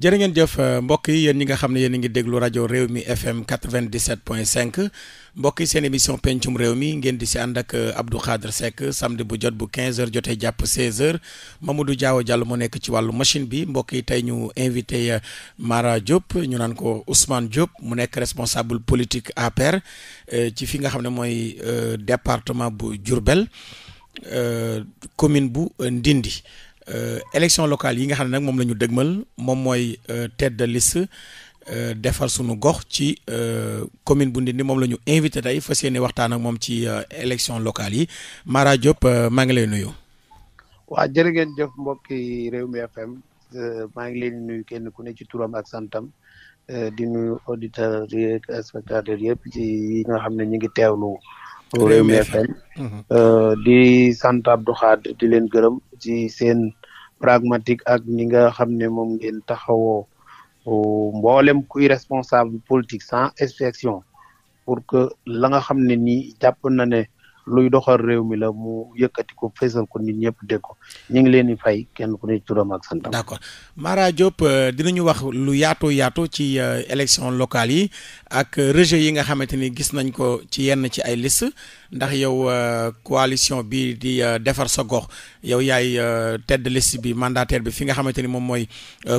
jërë ngeen jëf euh, mbokk yi yéen ñi nga xam ne yéen a ngi déglu rajo réew mi FM 97.5 mbokk yi seen émission pencum réew mi ngeen di si ànd ak euh, Abdou Khadre Seck samedi bu jot bu 15h jotee jàpp 16h Mamadou Diaw jàll mu nekk ci wàllu machine bi mbokk yi tey ñu invité euh, Mara Diop ñu naan ko Ousmane Diop mu nekk responsable politique APR ci fi nga xam ne mooy département bu jurbel commune bu Ndindi. Euh, élection locale yi nga xam ne nag moom la ñu dëgmal moom mooy euh, tête de liste euh, defar sunu gox ci commune bu Ndindi moom la ñu invité tey fas yéene waxtaan ak moom ci élection locale yi Mara Diop maa ngi lay nuyu. waa jërë ngeen jëf mbokki réew mi FM maa ngi leen nuyu kenn ku ne ci turam ak santam di nuyu auditeurs yi ak spectateurs yëpp ci yi nga xam ne ñu ngi teewlu. Rewmi FM di sant Abdou Khadre di leen gërëm ci seen pragmatique ak ni nga xam ne moom ngeen taxawoo mboolem kuy responsable politique sans exception pour que la nga xam ne nii jàpp na ne luy doxal réew mi la mu yëkkati ko feesal ko nit ñëpp dégg ko ñu ngi leen di fay kenn ku ne turam ak santam. d'accord Mara euh, dina ñu wax lu yaatu yaatu ci euh, élection locale yi ak euh, rejet yi nga xamante ni gis nañ ko ci yenn ci ay liste ndax yow coalition bi di defar sa gox yow yaay tête de liste bi mandataire bi fi nga xamante ni moom mooy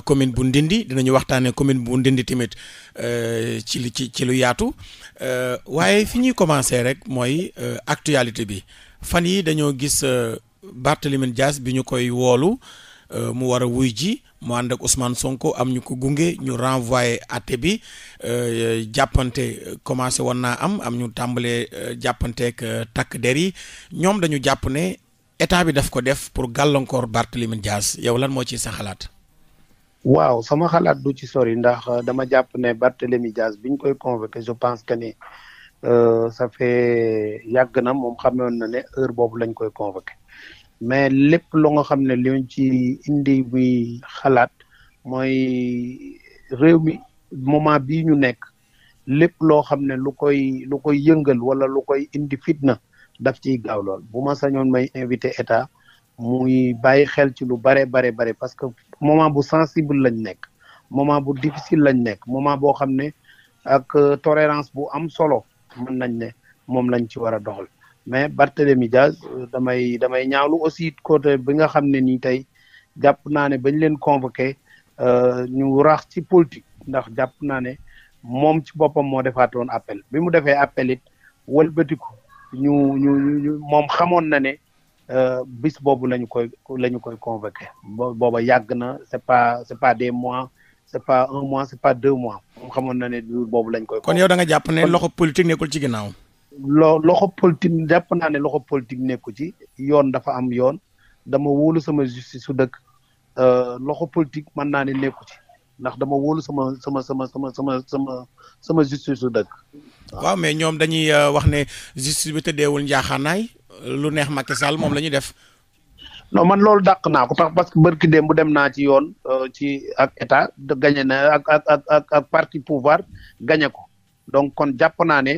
commune bu Ndindi dinañu waxtaanee commune bu Ndindi tamit ci ci ci lu yaatu waaye fi ñuy commencer rek mooy acte actualité bi fan yi dañoo gis euh, Barthélémy Dias bi ñu koy woolu euh, mu war a wuy ji mu àndak ak Ousmane Sonko am ñu ko gunge ñu renvoyé àtte bi euh, jàppante commencé woon naa am am ñu tàmbalee jàppanteek takk der yi ñoom dañu jàpp ne état bi daf ko def pour gàllankoor Barthélémy Dias yow lan moo ci sa xalaat. waaw sama xalaat du ci sori ndax dama jàpp ne Barthélémy Dias biñ koy convoqué je pense que ni Euh, ça fait yàgg na moom xamoon na ne heure boobu lañ koy convoqué mais lépp lu nga xam ne liñ ci indi muy xalaat mooy réew mi moment bii ñu nekk lépp loo xam ne lu koy lu koy yëngal wala lu koy indi fitna daf ciy gaaw lool bu ma sañoon may invité état muy bàyyi xel ci lu bare bare bare parce que moment bu sensible lañ nekk moment bu difficile lañ nekk moment boo xam ne ak euh, tolérance bu am solo mën nañ ne moom lañ ci war a doxal mais Barthélemy Diaz euh, damay damay ñaawlu aussi côté bi nga xam ne nii tey jàpp naa ne bañ leen convoqué euh, ñu rax ci politique ndax jàpp naa ne moom ci boppam moo defaatoon appel bi mu defee appel it wëlbatiku ñu ñu ñu moom xamoon na ne euh, bis boobu lañu koy la ñu koy convoqué booba yàgg na c'est c'est pas des mois c' est pas un mois c' est pas deux mois moom xamoon na boobu lañ koy. kon yow danga nga jàpp ne loxo politique nekkul ci ginnaaw. loo loxo politique jàpp naa ne loxo politique nekku ci yoon dafa am yoon dama wóolu sama justice su dëkk euh, loxo politik mën naa ne nekku ci ndax dama wóolu sama sama sama sama sama sama sama justice su dëkk. waaw mais ñoom dañuy euh, wax ne justice bi deewul njaaxaanaay lu neex Macky moom la ñu def. non man loolu dàq naa ko tax parce que bërki démb bu dem naa ci yoon euh, ci ak état de gagné na ak ak ak ak ak parti pouvoir gagné ko donc kon jàpp naa ne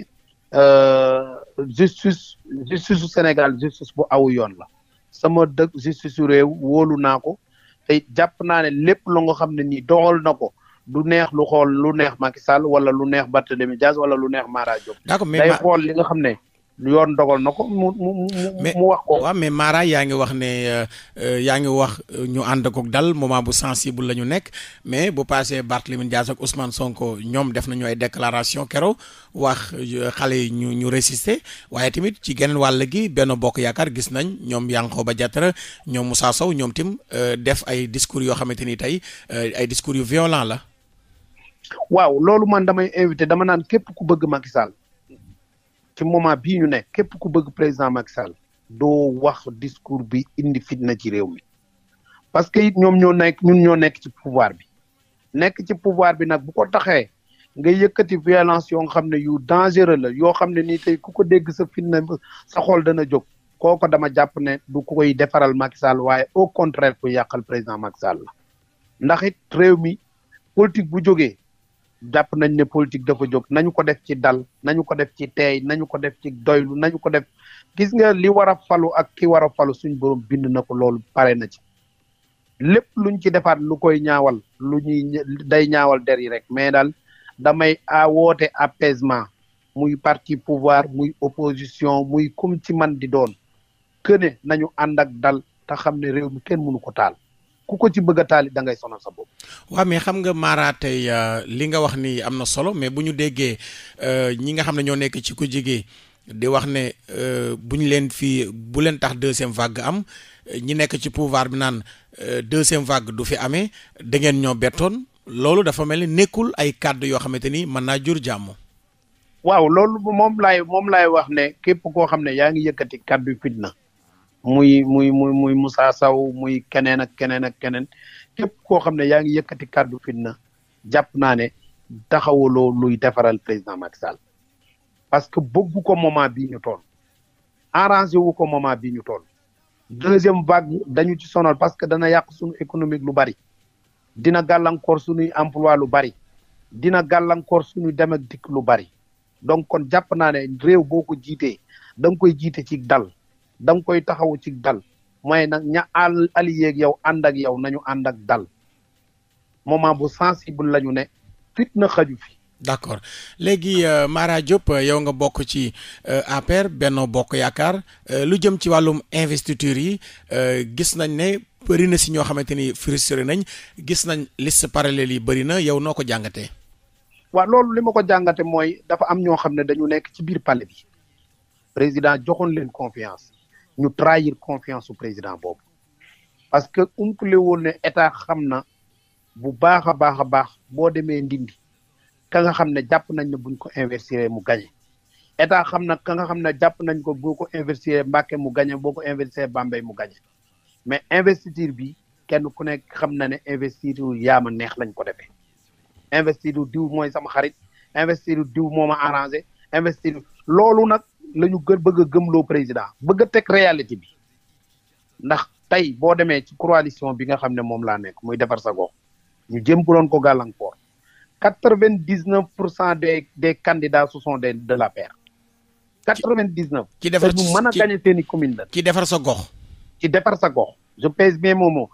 euh, justice justice su Sénégal justice bu aw yoon la sama dëkk justice su réew wóolu naa ko te jàpp naa ne lépp lu nga xam ne nii doxal na ko lu neex lu xool lu neex Macky Sall wala lu neex Barthélémy Dias wala lu neex Mara Diop. d'accord mais xool li nga xam ne. yoon dogal na ko mu mu wax ko. waaw mais Mara yaa ngi wax ne euh, yaa ngi wax euh, ñu ànd ko dal moment bu sensible la ñu nekk mais bu passé Barthélémy Dias ak Ousmane Sonko ñoom def nañu ay déclaration keroog wax euh, xale yi ñu ñu résister waaye tamit ci geneen wàll gi benn bokk yaakaar gis nañ ñoom ba Diattara ñoom Moussa Sow ñoom tim def ay discours yoo xamante ni tey ay discours yu violent la. waaw loolu man damay invité dama naan képp ku bëgg Macky ci moment bii ñu nekk képp ku bëgg président Macky Sall doo wax discours bi indi fitna ci réew mi parce que it ñoom ñoo nekk ñun ñoo nekk ci pouvoir bi nekk ci pouvoir bi nag bu ko taxee nga yëkkati violence yoo nga xam ne yu dangereux la yoo xam ne nii tey ku ko dégg sa fitna sa xool dana jóg kooko dama jàpp ne du koy defaral Macky waaye au contraire ku yàqal président Macky Sall la ndax it réew mi politique bu jógee jàpp nañ ne politique dafa jóg nañu ko def ci dal nañu ko def ci teey nañu ko def ci doylu nañu ko def gis nga li war a falu ak ki war a falu suñ borom bind na ko loolu pare na ci lépp luñ ci defaat lu koy ñaawal lu ñuy day ñaawal der yi rek mais daal damay a woote apaisement muy parti pouvoir muy opposition muy kum ci man di doon këne nañu ànd ak dal te xam ne réew mi kenn mënu ko taal ku ko ci bëgg a taali da ngay sonal sa bopp. waaw mais xam nga Mara tey euh, li nga wax ni am na solo mais bu ñu déggee euh, ñi nga xam ne ñoo nekk ci ko jigee di wax ne euh, bu ñu leen fi bu leen tax deuxième vague am ñi nekk ci pouvoir bi naan deuxième vague du fi amee da ngeen ñoo bettoon loolu dafa mel ni nekkul ay kàddu yoo xamante ni mën naa jur jàmm. waaw loolu moom laay moom laay wax ne képp koo xam ne yaa ngi yëkkati kàddu fitna. muy muy muy muy Moussa Sow muy keneen a keneen ak keneen képp koo xam ne yaa ngi yëkkati kàddu fitna jàpp naa ne taxawaloo luy defaral président Macky Sall parce que bëggu ko moment bi ñu tool arrangé wu ko moment bi ñu toll deuxième vague dañu ci sonal parce que dana yàq suñu économique lu bari dina gàllankoor suñuy emploi lu bari dina gàllankoor suñu dem ak dikk lu bari donc kon jàpp naa ne réew boo ko jiitee da koy jiite ci dal da nga koy taxawu ci dal mooy nag ña àll allié ak yow ànd ak yow nañu ànd ak dal moment bu sensible la ñu ne fitna xaju fi. d'accord léegi euh, Mara Diop euh, yow nga bokk ci euh, APR Benno Bokk Yaakaar euh, lu jëm ci wàllum investiture yi euh, gis nañ ne bëri na si ñoo xamante ni frustré nañ gis nañ liste parallèle yi bëri na yow noo ko jàngatee. waa loolu li ma ko jàngate mooy dafa am ñoo xam ne dañu nekk ci biir palais bi président joxoon leen confiance ñu trahir confiance su président boobu parce que umpule woon ne état xam na bu baax a baax a baax boo demee ndindi ka nga xam ne jàpp nañ ne buñ ko investir mu gañe état xam na ka nga xam ne jàpp nañ ko boo ko investir Mbàkke mu gañe boo ko investir Bambey mu gañe mais investiture bi kenn ku nekk xam na ne investiture yaama neex lañ ko defee investiture diw mooy sama xarit investiture diw moo ma arrangé investir loolu nag la ñu gën bëgg a gëmloo président bëgg a teg réalité bi ndax tey boo demee ci coalition bi nga xam ne moom laa nekk muy defar sa gox ñu jëm ko doon ko gàllankoor quatre vingt dix neuf pour cent des des candidats ce sont des de la paire. quatre vingt dix neuf. ci defar ci ñu mën a gagné seen commune la. ci defar sa gox. ci defar sa gox. je pèse bien mon mot.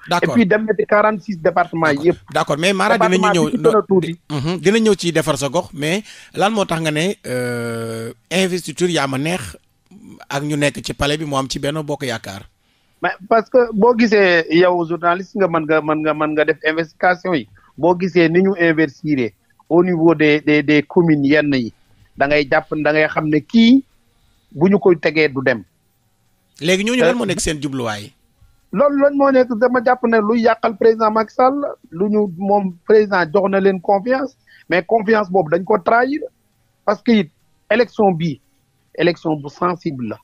dem na ci 46 départements yëpp. d' accord mais Mara dinañu ñëw département mhm. dina ñëw ci defar sa gox mais lan moo tax nga ne euh, investiture yaa ma neex ak ñu nekk ci palais bi mu am ci benn bokk yaakaar. mais parce que boo gisee yow journaliste nga mën nga mën nga mën nga def investigation yi boo gisee ni ñu investir au niveau des des des communes yenn yi dangay jàpp da ngay xam ne kii bu ñu koy tegee du dem. léegi ñooñu lan moo euh, nekk seen jubluwaay. loolu loolu moo nekk dama jàpp ne lu yàqal président Macky Sall lu ñu moom président jox na leen confiance mais confiance boobu dañ ko trahir parce que it élection bi élection bu sensible la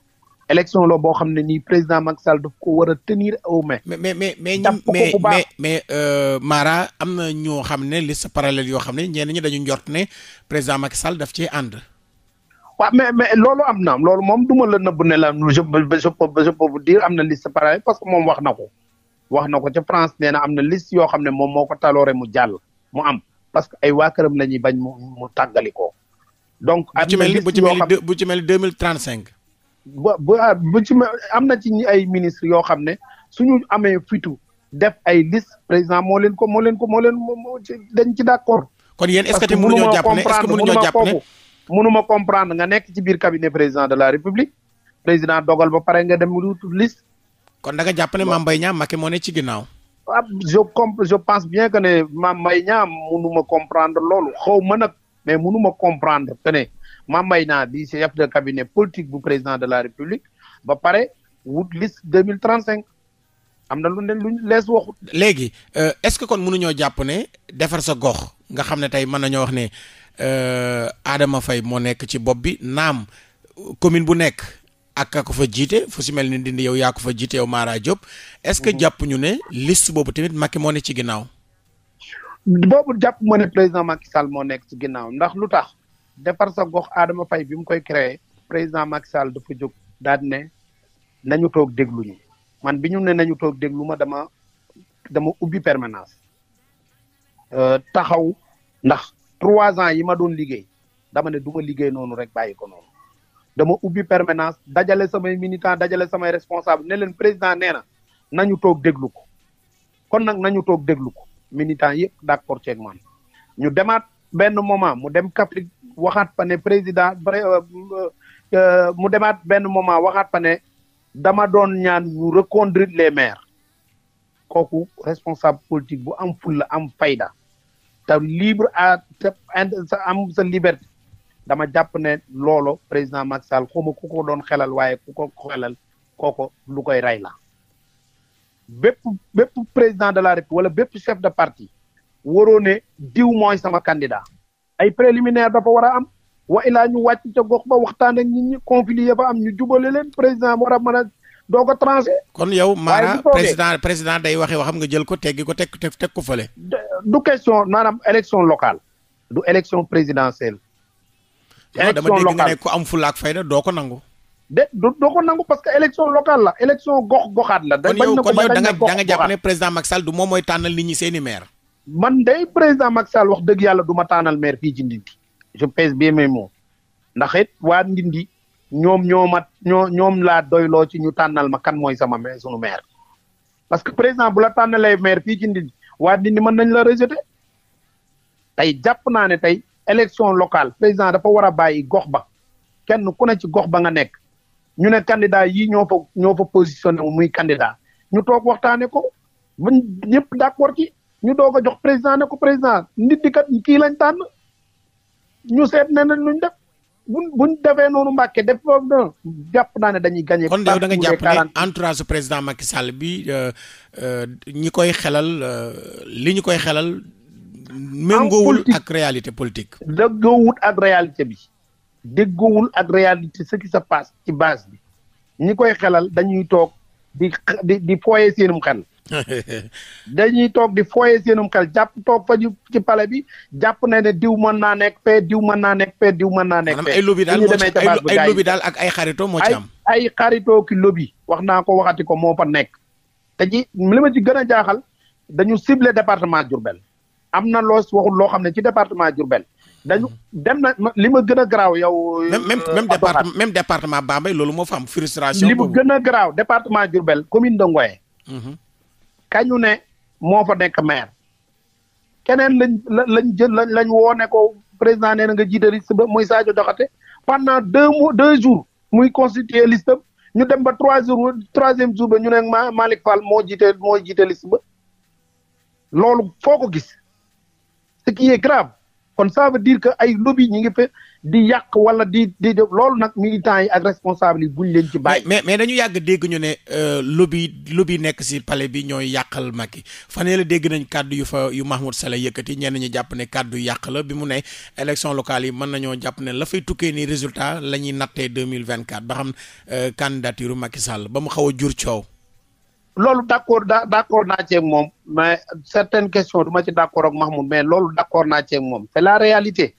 élection la boo xam ne nii président Macky Sall daf ko war a tenir au mais mais mais mais mais mais euh, Mara am na ñoo xam ne liste parallèle yoo xam ne ñenn ñu dañu njort ne président Macky Sall daf cee ànd. waaw mais mais loolu am na loolu moom du ma la nëbb ne la je je peux je peux vous am na liste pareil parce que moom wax na ko wax na ko ca France nee am na liste yoo xam ne moom moo ko taloore mu jàll mu am que ay waa këram la ñuy bañ mu mu tàggali ko. donc am na liste bu ci mel bu ci mel deux mille trente cinq. bu bu ci mel am na ci ay ministre yoo xam ne su ñu amee fitu def ay liste président moo leen ko moo leen ko moo leen dañ ci d' accord. kon yéen est ce que mënuñoo jàpp ne est ne mënuma comprendre nga nekk ci biir cabinet président de la république président dogal ba pare nga dem wut liste. kon da nga jàpp ne Mame Mbaye Niang Macky ne ci ginnaaw. Ah, je comp je pense bien que ne Mame Mbaye Niang mënuma comprendre loolu xaw ma nag mais mënuma comprendre que ne Mame Mbaye Niang di chef de cabinet politique bu président de la république ba pare wut liste deux mille trente cinq am na lu ne luñ lees waxut. léegi euh, est-ce que kon mënuñoo jàpp ne defar sa gox nga xam ne tey mën nañoo wax ne. Euh, Adama fay moo nekk ci bopp bi naam commune bu nekk ak ka ko fa jiite fu si mel ni dindi yow yaa ko fa jiite yow Mara Diop. est-ce que mhm. jàpp ñu ne list boobu tamit Macky moo ne ci ginnaaw. boobu jàpp ma ne président Macky Sall moo nekk ci ginnaaw ndax lu tax defar sa gox Adama Faye bi mu koy créer président Macky Sall dafa jóg daal ne nañu toog déglu ñu man bi ñu ne nañu toog déglu ma dama dama ubbi permanence euh, taxaw ndax trois ans yi ma doon liggéey dama ne du ma liggéey noonu rek bàyyi ko noonu dama ubbi permanence dajale samay militant dajale samay responsable ne leen président nee na nañu toog déglu ko kon nag nañu toog déglu ko militant yëpp d'accord ceeg man ñu demaat benn moment mu dem Kaffrine waxaat fa ne président euh, euh, euh, mu demaat benn moment waxaat fa ne dama doon ñaan ñu reconduire les maires kooku responsable politique bu am fulla am fayda te libre à sa am sa liberté dama jàpp ne loolo président Macky Sall ku ko doon xelal waaye ku ko xelal kooko lu koy rey la bépp bépp président de la république wala bépp chef de parti waroo ne diw mooy sama candidat ay préliminaire dafa war a am wa ilaa ñu wàcc ca gox ba waxtaan ak nit ñi conflit ya fa am ñu jubale leen président war a doo ko kon yow maanaam président président day waxee waxam nga jël ko teggi ko teg teg ko fële. du question maanaam élection locale. du élection présidentielle. élection locale dama dégg nga ne ku am fulaak fayda doo ko nangu. de doo ko nangu parce que élection locale la élection gox goxaat la. dañ bañ na ko bañ na ko da nga jàpp ne président Macky Sall du moom mooy tànnal nit ñi seeni maire. man day président Macky Sall wax dëgg yàlla du ma tànnal maire fii ci Ndindi. je pèse bien mes mots ñoom ñoo ma ñoo ñoom laa doyloo ci ñu tànnal ma kan mooy sama maire sunu maire parce que président bu la tànnalee maire fii ci Ndindy waa Ndindy mën nañ la rejeter tey jàpp naa ne tey élection locale président dafa war a bàyyi gox ba kenn ku ne ci gox ba nga nekk ñu ne candidat yii ñoo fa ñoo fa positionné wu muy candidat ñu toog waxtaane ko ba ñëpp d'accord ci ñu doog a jox président ne ko président Ndindy kat kii lañ tànn ñu seet ne na luñ def buñ buñ defee noonu Mbàkke def foofu noonu jàpp naa ne dañuy gagné. kon yow da nga jàpp ne entourage président Macky Sall bi euh, euh, ñi koy xelal euh, li ñu koy xelal. méngoowul ak réalité politique. déggoowul ak réalité bi. déggoowul ak réalité ce qui se passe ci base bi. ñi koy xelal dañuy toog di di di fooyee seenum xel. dañuy toog di foyee seenum xel jàpp toog fa ñu ci pale bi jàpp na ne diw mën naa nekk fee diw mën naa nekk fee diw mën naa nekk fee. ay lobby daal ay lobby daal ak ay xarito moo ci am. ay xarito ki lobby wax naa ko waxati ko moo fa nekk. te ci li ma ci gën a jaaxal dañu ciblé département Diourbel am na loo waxul loo xam ne ci département Diourbel dañu mm-hmm. dem na li ma gën a garaaw yow. Euh, même même département même département Bambey loolu moo fa am frustration. boobu gën a garaaw département Diourbel commune de Ngoye. Mm-hmm. kañu ne moo fa nekk maire keneen lañ lañ jël lañ lañ woo ne ko président nee na nga jiite liste ba muy Sadio Doxate pendant deux mois deux jours muy constituer liste ñu dem ba trois jours jour ba ñu ne ma Malick Fall moo jiite moo jiite liste loolu foo ko gis ce qui est grave kon ça veut ay lobby ñi ngi di yàq wala di di loolu nag militants yi ak responsable yi buñ leen ci bàyyi. mais mais dañu yàgg dégg ñu ne euh, lobby lobby nekk si pale bi ñooy yàqal Macky fanee la dégg nañ kàddu yu fa yu Mahmoud Saleh yëkkati ñeen ñi jàpp ne kàddu yàq la bi mu ne élection locale yi mën nañoo jàpp ne la fay tukkee ni résultat la ñuy nattee deux mille vingt quatre ba xam euh, candidature Macky Sall ba mu xaw a jur coow. loolu d' accord d' accord naa ceeg moom mais certaines questions du ma ci d' accord ak Mahmoud mais loolu d' naa ceeg moom la réalité.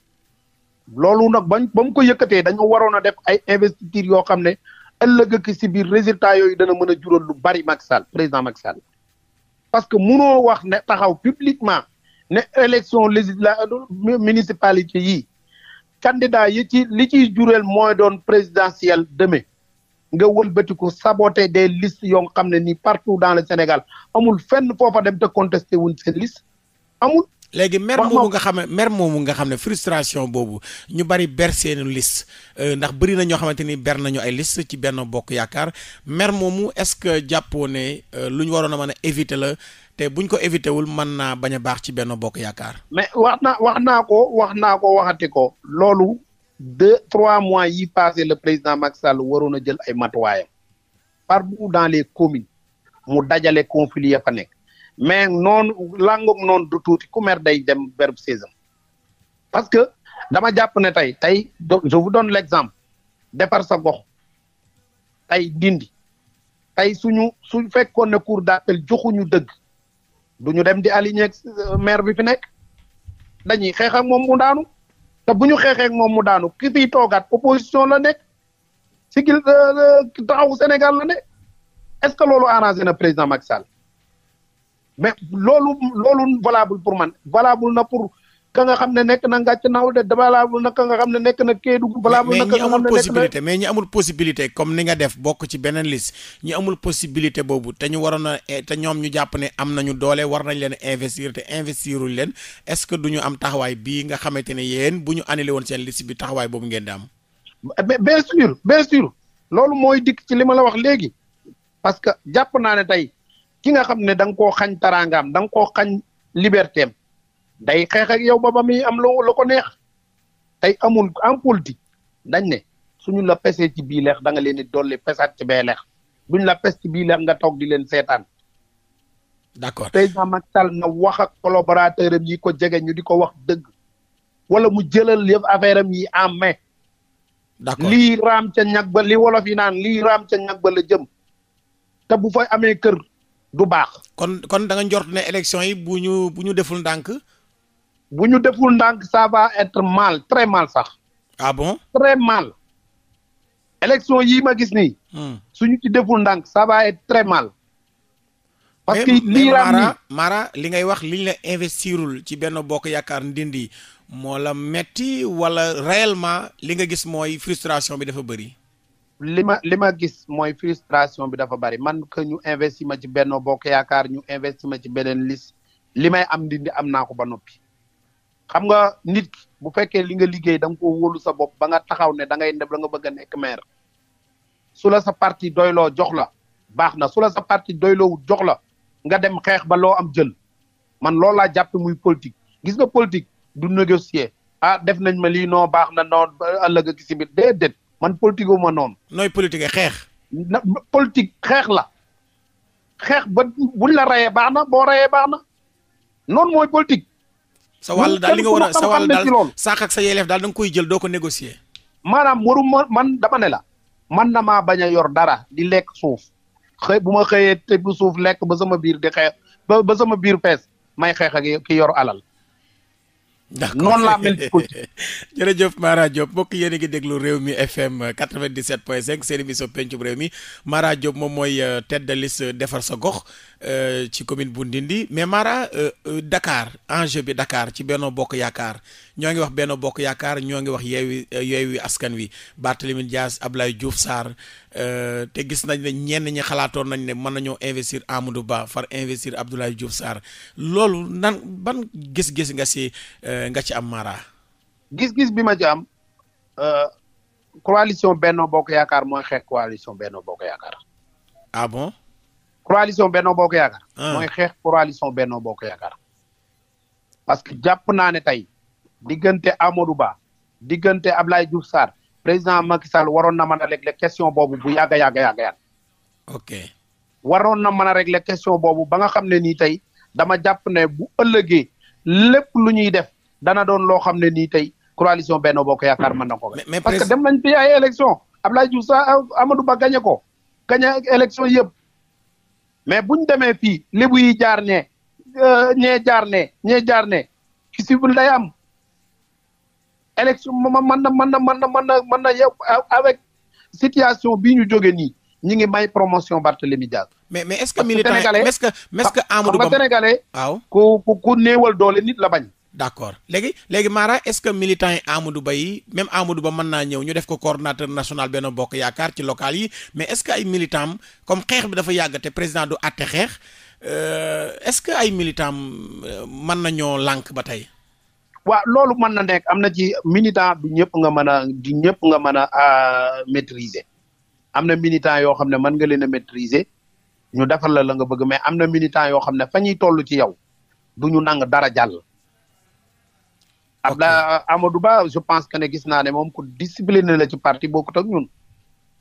loolu nag bañ ba mu ko yëkkatee dañoo waroon a def ay investiture yoo xam ne ëllëg ak si biir résultat yooyu dana mën a jural lu bari Macky président Macky parce que munoo wax ne taxaw publiquement ne élection législative municipalité yi candidat yi ci li ciy jureel mooy doon présidentielle demain nga wëlbatiku saboter des listes yoo xam ne nii partout dans le Sénégal amul fenn foofa dem te contesté wuñ seen liste amul léegi mer moomu nga xam ne moomu nga xam ne frustration boobu ñu bari ber seeni liste euh, ndax bëri na ñoo xamante ni ber nañu ay list ci benn bokk yaakaar mer moomu est-ce que jàppoo ne euh, lu ñu waroon a mën a éviter la te buñ ko éviter wul mën naa bañ a baax ci benn bokk yaakaar. mais wax naa wax naa ko wax naa ko waxati ko. loolu deux trois mois yi passé le président Macky Sall waroon a jël ay matuwaayam par dans les communes mu dajale conflits ya fa nekk. mais noonu làngoom noonu du tuuti ku mer day dem verbe saison parce que dama jàpp ne tey tey je vous donne l'exemple defar sa gox tey dindi tey suñu suñ fekkoon ne cour d'appel joxuñu dëgg du ñu dem di aligné ak euh, maire bi fi nekk dañuy xeex ak moom mu daanu te bu ñu xeexee moom mu daanu ki fiy toogaat opposition la nekk sigil euh, euh, taxawu Sénégal la ne est-ce que loolu arrangé na président Macky Sall mais loolu loolu valable pour man valable na pour ka nga xam ne nekk na ngàcc naaw de valable na ka nga xam ne nekk na Kédougou valable na nga xam ne nekk na mais ñi amul possibilité comme ni nga def bokk ci beneen liste ñi amul possibilité boobu te ñu waroon a eh, te ñoom ñu jàpp ne am nañu doole war nañ leen investir te leen est-ce que du ñu am taxawaay bii nga xamante ne yéen bu ñu annulé woon seen liste bi taxawaay boobu ngeen di am. loolu mooy dikk ci li ma la wax léegi parce que jàpp naa ne tey ki nga xam ne da nga koo xañ taraangaam da nga koo xañ libertem am day xeex yow ba ba am lu ko neex tey amul en politique dañ ne suñu la pesee ci bii leex da nga leen di dolli pesaat ci bee leex buñ la pes ci bii leex nga toog di leen seetaan. d'accord président Macky Sall na wax ak collaborateur am yi ko jege ñu di ko wax dëgg wala mu jëlal yëf affaire am yi en main. d'accord lii raam ca ñag ba li wolof yi naan lii raam ca ñag ba jëm te bu fa amee kër du baax. kon kon da nga njort ne élection yi bu ñu bu ñu deful ndànk. bu ñu deful ndànk ça va être mal très mal sax. ah bon très mal. élection yi ma gis nii. Hmm. suñu ci deful ndànk ça va être très mal. parce que lii Mara Mara li ngay wax liñ la investirul ci benn bokk yaakaar ndindi moo la metti wala réellement li nga gis mooy frustration bi dafa bëri. li ma li ma gis mooy frustration bi dafa bari man que ñu investi ma ci Benno Bokk Yaakaar ñu investi ma ci beneen liste li may am ndindi am naa ko ba noppi xam nga nit bu fekkee li nga liggéey da nga ko wóolu sa bopp ba nga taxaw ne da ngay ndeb la nga bëgg a nekk maire sula sa parti doyloo jox la baax na sula la sa parti doyloowu jox la nga dem xeex ba loo am jël man loolu laa jàppe muy politique gis nga politique du négocier ah def nañ ma lii noo baax na noo ëllëg ak si biir déedéet man politique wu ma noonu. nooy politique xeex. na politique xeex la xeex ba buñ la rayee baax na boo rayee baax na noon mooy politique. sa wàll daal li nga war a sa wàll sa yelleef daal da nga koy jël doo ko négocier. maanaam waruma man dama ne la man na maa bañ a yor dara di lekk suuf xëy bu ma xëyee tëb suuf lekk ba sama biir di xeex ba ba sama biir fees may xeex ak ki yor alal ndax noonu laa mel ci politique. jërëjëf Mara Diop mbokk yéen a ngi déglu réew mi FM 97.5 seen émission pencum réew mi Mara Diop moom mooy euh, tête de defar sa gox euh, ci commune bu Ndindi mais Mara euh, dakaar enjeu bi dakaar ci Benno Bokk Yaakaar ñoo ngi wax Benno Bokk Yaakaar ñoo ngi wax yeewi yeewi askan wi Barthélémy Dias Abdoulaye Diouf Sarr te gis nañ ne ñenn ñi xalaatoon nañ ne mën nañoo investir Amadou Ba far investir Abdoulaye Diouf Sarr loolu nan ban gis-gis nga si. Eh, nga ci am mara. gis-gis bi ma ci am eh, coalition Benno Bokk Yaakaar mooy xeex coalition Benno Bokk Yaakaar. ah bon. coalition Benno Bokk Yaakaar. Ah. mooy xeex coalition Benno Bokk Yaakaar. parce que jàpp naa ne tey diggante Amadou Ba diggante Ablaye Diouf Sarr président Macky Sall waroon na mën a régler question boobu bu yàgg yàgg yàgg yàgg. ok waroon na question boobu ba nga xam ne nii tey dama jàpp ne bu ëllëgee lépp lu ñuy def. dana doon loo xam ne nii tey coalition Benno Bokk Yaakaar hmm. mën na ko. mais parce que dem nañ fi ay élection Abdoulaye Diouf sax Amadou Ba gagné ko gagné élection yëpp mais buñ demee fii lébu yi jaar ne euh, ñee jaar ne ñee jaar ne ci sibul day am élection mën na mën na mën na mën na mën na yow avec situation bii ñu jóge nii ñi ngi may promotion Barthélémy Dias mais mais est-ce que militant est-ce que est-ce que Amadou Ba sénégalais waaw ku ku ku néewal doole nit la bañ d' accord léegi léegi Mara est ce que militant yi Amadou Ba yi même Amadou Ba mën naa ñëw ñu def ko coordonnateur national benn bokk yaakaar ci local yi mais est ce que ay militant comme xeex bi dafa yàgg te président du àtte xeex euh, est ce que ay militant euh, mën nañoo lànk ba tey. waaw loolu mën na nekk am na ci militant du ñëpp nga mën a du ñëpp nga mën a euh, maîtriser am na militant yoo xam ne mën nga leen a maîtriser ñu defal la la nga bëgg mais am na militant yoo xam ne fa ñuy toll ci yow du ñu nang dara jàll. Abla Amadou Ba je pense que ne gis naa ne moom ku discipliné la ci parti bokkut ak ñun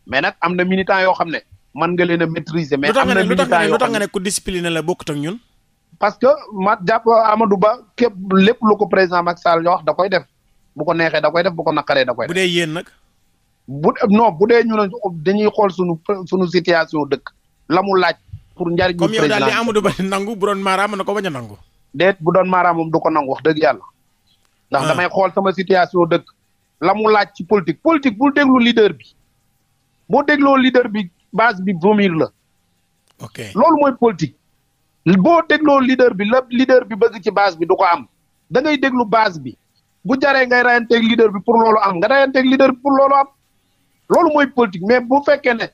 mais nag am na militant yoo xam ne mën nga leen a maîtriser. mais am na militant yoo xam ne lu tax nga ne ku discipliné la bokkut ak ñun. parce que ma jàpp Amadou Ba képp lépp lu ko président Macky Sall wax da koy def bu ko neexee da koy def bu ko naqaree da koy yéen nag. bu non bu dee ñu ne dañuy xool suñu suñu situation dëkk la mu laaj. pour njariñu président comme yow daal li Amadou Ba nangu bu doon maaraam na ko a nangu. déet bu ko nangu wax dëgg yàlla. ndax ah. damay xool sama situation dëkk la mu laaj ci politique politique bu déglu leader bi boo dégloo leader bi base bi vomir la loolu mooy politique boo dégloo leader bi la leader bi bëgg ci base bi du ko am da déglu base bi bu jaree ngay rayanteeg leader bi pour loolu am nga rayanteeg leader bi pour loolu am loolu mooy politique mais bu fekkee ne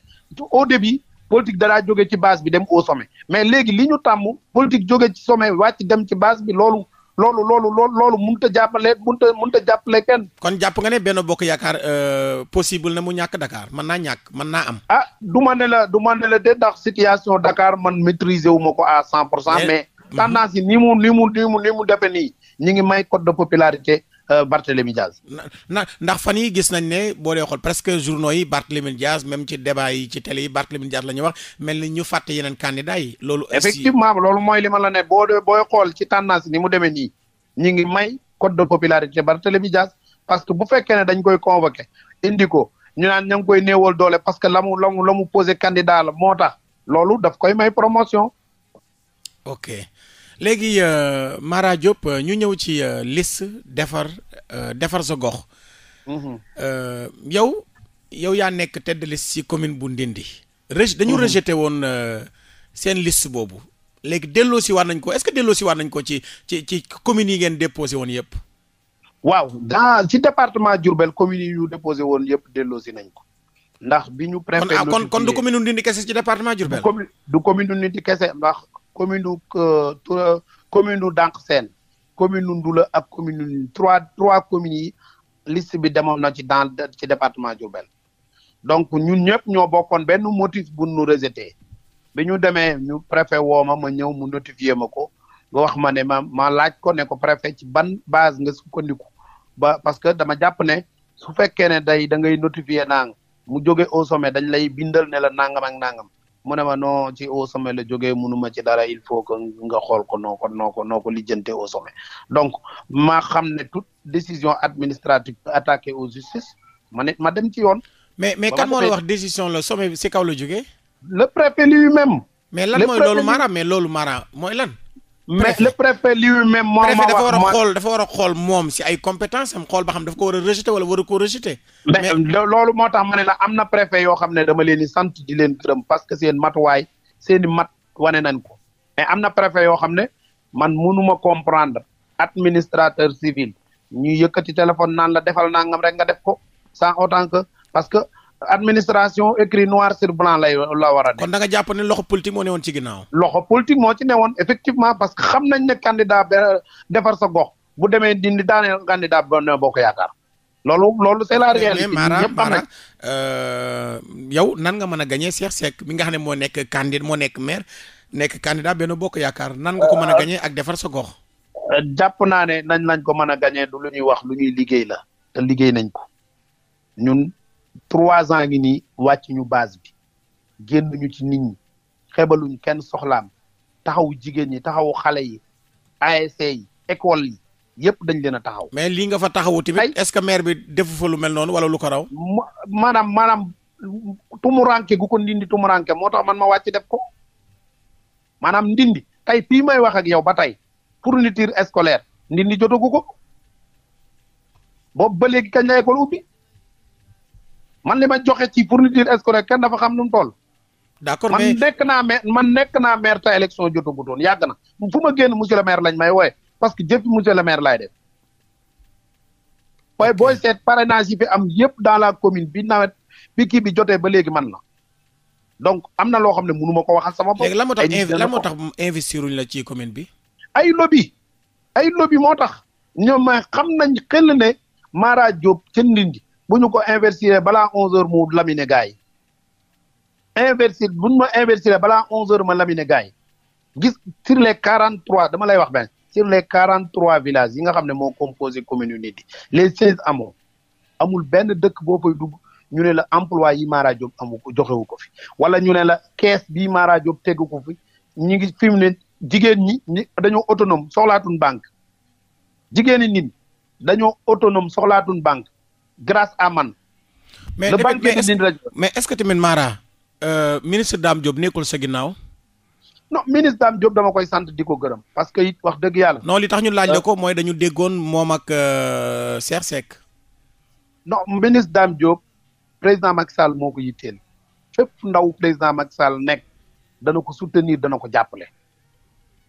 au début politique danaa jóge ci base bi dem au sommet mais léegi li ñu tàmm politique jóge ci sommet wàcc dem ci base bi loolu loolu loolu loolu loolu mënut a jàppale mënut a mënut jàppale kenn. kon jàpp nga ne benn bokk yaakaar euh, possible na mu ñàkk Dakar mën naa ñàkk mën naa am. ah du ma la du ma ne la de ndax situation Dakar man maîtriser wu ma ko à cent pour cent mais mm-hmm. tendance yi ni mu ni mu ni mu ni mu defee nii ñu ngi may code de popularité Euh, Barthélémy Diaz. na ndax fan yi gis nañ ne boo dee xool presque journaux yi Barthélémy Diaz même ci débat yi ci télé yi Barthélémy Diaz la ñuy wax mel ni ñu fàtte yeneen candidats yi. loolu effectivement loolu mooy lima la ne boo booy xool ci tendance ni mu demee nii ñi ngi may code de popularité Barthélémy Diaz parce que bu fekkee ne dañ koy convoqué indi ko ñu naan ña ngi koy néewal doole parce que lamu mu la mu posé candidat la moo tax loolu daf koy may promotion. ok. léegi euh, Mara Diop euh, ñu ñëw ci euh, liste defar defar sa gox. Mhm. yow yow yaa nekk tête de liste ci commune bu Ndindi. rejet dañu mhm. rejeté woon seen liste boobu. léegi delloo si waat nañ ko est-ce que delloo si waat nañ ko ci ci ci commune yi ngeen déposé woon yëpp. waaw dans ci département Diourbel communes yi ñu déposé woon yëpp delloo si nañ ko. ndax bi ñu. Ah, préfet kon kon du Ndindi kese ci département Diourbel. du commune du Ndindi kese ndax commune nu euh, commune nu Dànk Seen commune nu Ndula ak commune nu trois trois communes yi liste bi demoon na ci dans ci département Diourbel donc ñun ñëpp ñoo bokkoon benn motif bu nu rejeté bi demee ñu préfet woo ma ma ñëw mu notifié ma ko wax ma ne ma ma laaj ko ne ko préfet ci ban base nga sukkandiku ba parce que dama jàpp ne su fekkee ne day da ngay notifié nang mu jóge au sommet dañ lay bindal ne la nangam ak nangam mu ne ma no ci au sommet la jógee mënuma ci dala il faut que nga xool ko noo ko noo ko noo ko lijjante au sommet donc ma xam ne toute décision administrative attaquée au justice ma ne ma dem ci yoon. mais mais kan moo la wax décision la sommet bi si kaw la jógee. le préfet lui-même. mais lan mooy loolu mara mais loolu mara mooy lan. mais le préfet lui-même moo ma wax dafa war xool dafa war a xool moom si ay compétence am xool ba xam dafa ko war a rejeté wala war a ko rejeté. mais loolu moo tax ma ne la am na préfet yoo xam ne dama leen di sant di leen gërëm parce que seen matuwaay seen i mat wane nañ ko mais am na préfet yoo xam ne man mënuma comprendre administrateur civil ñu yëkkati téléphone nan la defal nangam rek nga def ko sans autant que parce que. administration écrit noir sur blanc lay la war a kon da nga jàpp ne loxo politique moo ne woon ci ginnaaw. loxo politique moo ci ne woon effectivement parce que xam nañ ne candidat defar sa gox bu demee dindi daaneel candidat Benno Bokk Yaakaar loolu loolu c'est la réalité. ñëpp xam euh, yow nan nga mën a gagné Cheikh Seck mi nga xam ne moo nekk candidat moo nekk maire nekk candidat Benno Bokk Yaakaar nan ko mën a euh, gagné ak defar sa gox. Euh, jàpp naa ne nañ lañ ko mën a gagné du lu ñuy wax lu ñuy liggéey la te liggéey nañ ko ñun. trois ans ngi nii wàcc ñu base bi génnuñu ci nit ñi xebaluñ kenn soxlaam taxaw jigéen ñi taxaw xale yi ASC yi école yi yëpp dañ leen a taxaw. mais lii nga fa taxawu tamit est-ce que maire bi defu fa lu mel noonu wala lu ko raw. maanaam maanaam tumuranke gu ko ndindi tumuranke moo tax man ma wàcc def ko maanaam ndindi tey fii may wax ak yow ba tey fourniture scolaire ndindi jotagu ko boobu ba léegi kañ la école ubbi. man li ma joxe ci fourniture scolaire kenn dafa xam nu mu toll. d'accord man mais... nekk naa maire man nekk naa maire te élection jotagutoon yàgg na fu ma génn monsieur le maire lañ may wooye parce que jëfi monsieur le maire laay def. waaye booy seet parrainage yi fi am yëpp dans la commune bi nawet bi kii bi jotee ba léegi man la donc am na loo xam ne mënu ma ko waxal sama bopp. léegi lan moo tax lan moo tax investiruñ la ci commune bi. ay lobi ay lobby moo tax ñoom xam nañ xel ne Mara Diop ca Ndindi bu ñu ko investir balaa 11h mu lamine gars yi investir bu ñu ma investir balaa 11h ma lamine gars yi gis sur les 43 dama lay wax ben sur les 43 villages yi nga xam ne moo composé commune yu nit les 16 amoo amul benn dëkk boo fay dugg ñu ne la emploi yi Mara Diop amul ko joxewu ko wala ñu ne la kees bii Mara Diop tegu ko fi ñu ngi fi ne jigéen ñi dañoo autonome soxlaatun banque jigéen ñi dañoo autonome soxlaatun banque. grâce à man. mais mais est-ce que tamit Mara. Euh, ministre Dame Diop nekkul sa ginnaaw. no ministre Dame Diop dama koy sant di ko gërëm parce que wax dëgg yàlla. non li tax ñu laaj la euh, ko mooy dañu déggoon moom ak euh, Cheikh Seck. non ministre Dame Diop président Macky Sall moo ko yitteel fépp ndaw président Macky Sall nekk dana ko soutenir dana ko jàppale.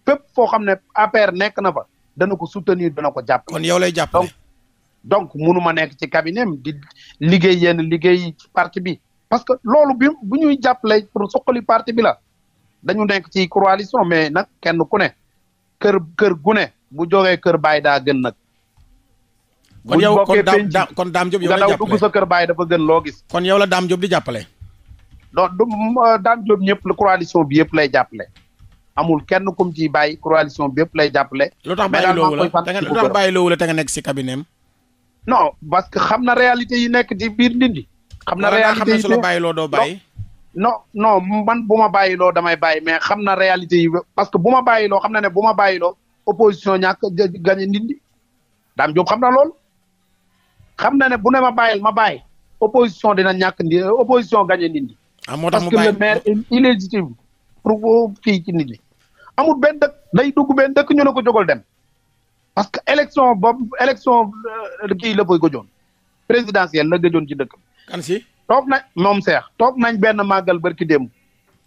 fépp foo xam ne APR nekk na fa dana ko soutenir dana ko jàppale. kon yow lay jàppale. donc munuma nekk ci cabinet di liggéey yenn liggéey parti bi parce que loolu bi bu ñuy jàppale pour suqali parti bi la dañu nekk ci coalition mais na kenn ku ne kër kër gu ne bu jógee kër baay daa gën nag. kon yow kon daam kon daam Diop yow la jàppale dugg sa kër baay dafa gën loo gis. kon yow la daam Diop di jàppale. donc du euh, daam Diop ñëpp la coalition bi yëpp lay jàppale. amul kenn kum ciy bàyyi coalition bi yëpp lu tax bàyyi loowu la mais daal maa ngi koy fàttali lu tax bàyyi loowu te nga nekk si cabinet non parce que xam na réalité yi nekk ci biir Ndindi. xam na réalité yi xam na su bàyyiloo doo bàyyi. non non man bu ma bàyyiloo damay bàyyi mais xam na réalité yi parce que bu ma bàyyiloo xam na ne bu ma bàyyiloo opposition ñàkk gañe Ndindi Dame Diop xam na loolu. xam na ne bu ne ma bàyyil ma bàyyi opposition dina ñàkk ndi opposition gañe Ndindi. Ah, moo tax mu bàyyi parce que le maire est illégitime pour kii ci nit ñi. amul benn dëkk day dugg benn dëkk ñu ne ko jógal dem. parce que élection boobu élection euh, kii la koy gëjoon présidentielle la gëjoon ci dëkk kan si toog nañ moom seex toog nañ benn màggal barki démb